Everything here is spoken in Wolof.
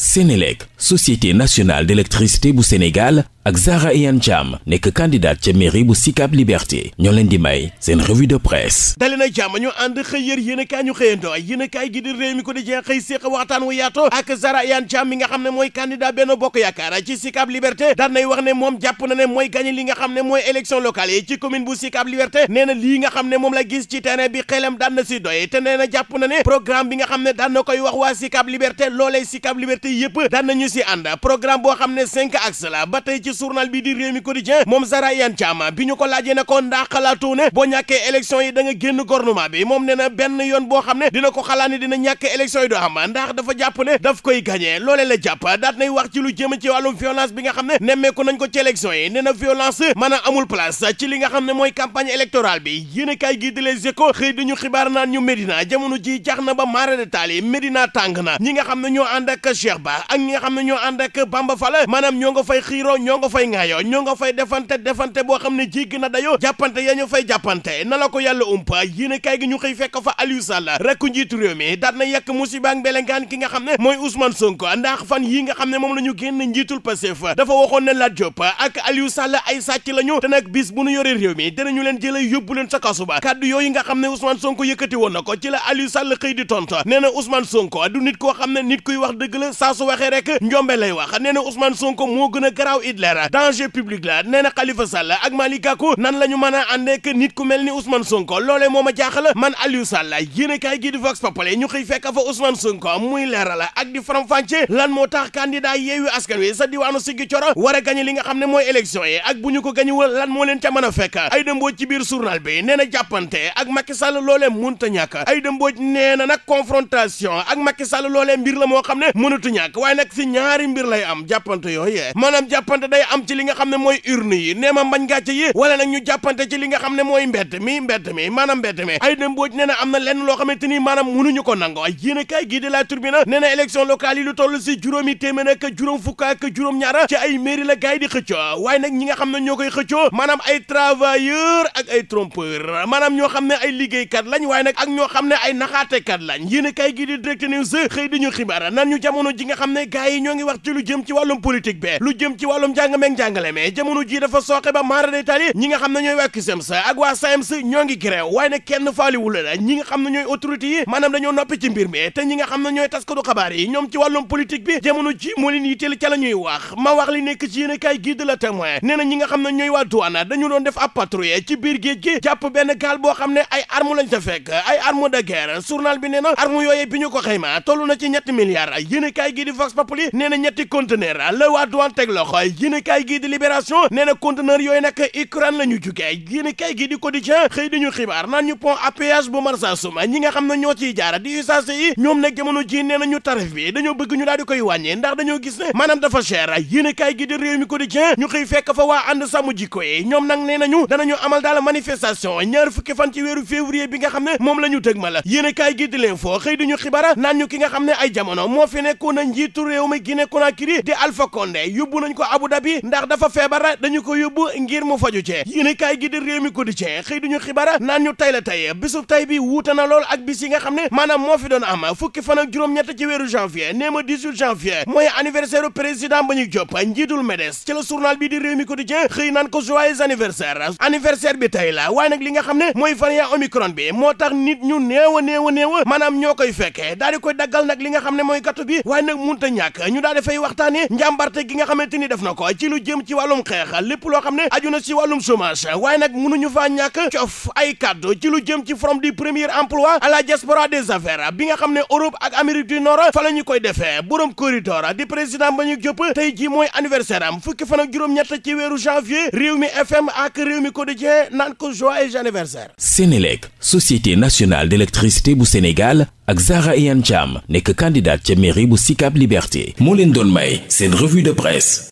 Sénélec société nationale d'électricité bu Sénégal ak Zahra Iyane Thiam nekk candidate ca mairie bu Sicap Liberté ñoo leen di may seen revue de presse dali na jàmm ñu ànd xëy yër yéenekaay ñu xëyandoo yéenekaay gi réew mi ko di jeex xëy séeq waxtaan wu yaato ak Zahra Iyane Thiam nga xam ne mooy candidat Benno Bokk Yaakaar ci Sicap Liberté daan nay wax ne moom jàpp na ne mooy gagné li nga xam ne mooy élection locale yi commune bu Sicap Liberté nee na lii nga xam ne moom la gis ci terrain bi xelam daan na si doy te nee na jàpp na ne programme bi nga xam ne daan na koy wax journal bi di réew mi quotidien moom Zahra Iyane Thiam bi ñu ko laajee ne ko ndax xalaatoo ne boo ñàkkee élection yi da nga génn gouvernement bi moom nee na benn yoon boo xam ne dina ko xalaat ne dina ñàkkee élection yi doo am ndax dafa jàpp ne daf koy gagné loolee la jàpp daat nay wax ci lu jëm ci wàllum violence bi nga xam ne nemmeeku nañ ko ci élection yi nee na violence maanaam amul place ci li nga xam ne mooy campagne électorale bi yéen a kaay gi di les échos xëy dañu xibaar naan ñu Médina jamono ji jax na ba maara de taal yi na ñi nga xam ne ñoo ànd ak Cheikh nga xam ne ñoo ànd ak Bamba maanaam ñoo nga fay xiiroo ñoo nga fay ŋaayoo ñoo nga fay defante defante boo xam ne jéggi na dayoo jàppante ya fay jàppante na ko yàlla umpa yéen kay gi ñu xëy fekk fa Aliou Sall rekk njiitu réew mi daat na yàq musiba ak ki nga xam ne moom la génn njiitul Pastef dafa waxoon ne Lat ak Aliou Sall ay sàcc la ñu bis bu nu yoree réew mi dinañu leen jëlee yóbbu leen sa kasu kàddu yooyu nga xam ne Ousmane Sonko yëkkati woon na ko ci la Aliou Sall xëy di a leer danger public la nee na Khalifa Sall ak Malick Gakou nan a ànd ak nit ku mel ni Ousmane Sonko moo ma jaaxal man Aliou Sall yéen a kaay gii di Vox Populi ñu xëy fekk fa Ousmane Sonko muy leeral ak di faram-fàccee lan moo tax candidat Yewwi Askan Wi sa diwaanu Ziguinchor war a gañe li nga xam ne mooy élection yi ak bu ñu ko gañewul lan moo leen ca mën a fekk ay dëmboo ci biir journal bi nee na jàppante ak Macky Sall loolee munta ñàkk ay dëmboo nee na nag confrontation ak Macky Sall loolee mbir la moo xam ne mënutu ñàkk waaye nag si ñaari mbir lay am jàppante yooyu maanaam jàppante day loolee am ci li nga xam ne mooy urne yi nee ma mbañ gàcce yi wala nag ñu jàppante ci li nga xam ne mooy mbedd mi mbedd mi maanaam mbedd mi ay dëmbooj nee na am na lenn loo xamante ni maanaam munuñu ko nango ay yéen a kaay gii de la turbina nee na élection locale yi lu toll si juróomi téeméer ak juróom fukk ak juróom ñaara ci ay mairie la gars di xëccoo waaye nag ñi nga xam ne ñoo koy xëccoo maanaam ay travailleur ak ay trompeur maanaam ñoo xam ne ay liggéeykat lañ waaye nag ak ñoo xam ne ay naxaatekat lañ yéen a kaay gii di direct news xëy di ñu xibaar nan ñu jamono ji nga xam ne gars yi ñoo ngi wax ci lu jëm ci wàllum politique bi lu jëm ci wàllum jàng njàng meeg njàngale me jamono ji dafa sooxe ba maara day ñi nga xam ne ñooy waa CUSEMS e ak waa SAEMS ñoo ngi waaye na kenn faaliwul la ñi nga xam ne ñooy autorité yi maanaam dañoo noppi ci mbir mi te ñi nga xam ne ñooy taskatu xabaar yi ñoom ci wàllum politique bi jamono ji moo leen yitteel ca la ñuy wax ma wax li nekk ci yéen kaay gii de la témoin nee na ñi nga xam ne ñooy waa douane dañu doon def ab patrouille ci biir géej gi jàpp benn gaal boo xam ne ay arme lañ ca fekk ay arme de guerre journal bi nee na arme yooyee bi ñu ko xayma toll na ci ñetti milliards yéen kaay gii di vox populi nee na ñetti conteneur la waa douane teg loxo yéene kaay gii di libération nee na conteneur yooyu nag Ukraine la ñu jugee yéene kaay gii di quotidien xëy di ñu xibaar naan ñu pont à péage bu ñi nga xam ne ñoo ciy jaara di usagers yi ñoom nag jamono ji nee nañu tarif bi dañoo bëgg ñu daal koy wàññee ndax dañoo gis ne maanaam dafa cher yéene kaay gii di réew mi quotidien ñu xëy fekk fa waa ànd sàmm jikko yi ñoom nag nee nañu danañu amal daal manifestation ñaar fukki fan ci weeru février moo fi nekkoon na njiitu mi Guinée Conakry noppi ndax dafa feebar dañu ko yóbbu ngir mu faju ci yéenekaay gi di réew mi quotidien xëy duñu xibaar naan ñu tey la tey bisub tey bi wuute na lool ak bis yi nga xam ne maanaam moo fi doon am fukki fan ak juróom-ñett ci weeru janvier nee ma 18 janvier mooy anniversaire u président ba ñu Diop njiitul MEDES ci la journal bi di réew mi quotidien xëy naan ko joyeux anniversaire anniversaire bi tey la waaye nag li nga xam ne mooy variant omicron bi moo tax nit ñu néew a maanaam ñoo koy fekkee daal di koy daggal nag li nga xam ne mooy gàttu bi waaye nag ñàkk ñu daal fay waxtaane njàmbarte gi nga xamante ni def na ko ci lu jëm ci wàllum xeex lépp loo xam ne aju na si wàllum chômage waaye nag mënuñu faa ñàkk cof ay kaddu ci lu jëm ci forum di premier emploi à la diaspora des affaires bi nga xam ne Europe ak Amérique du Nord fa ñu koy defee borom corridor di président ba ñu jëpp tey ji mooy anniversaire am fukki fana ak juróom-ñett ci weeru janvier réew mi FM ak réew mi quotidien naan ko joyeux anniversaire Sénélec société nationale d'électricité bu Sénégal ak Zahra Iyane Thiam nekk candidate ca mairie bu Sicap Liberté moo leen doon may seen revue de presse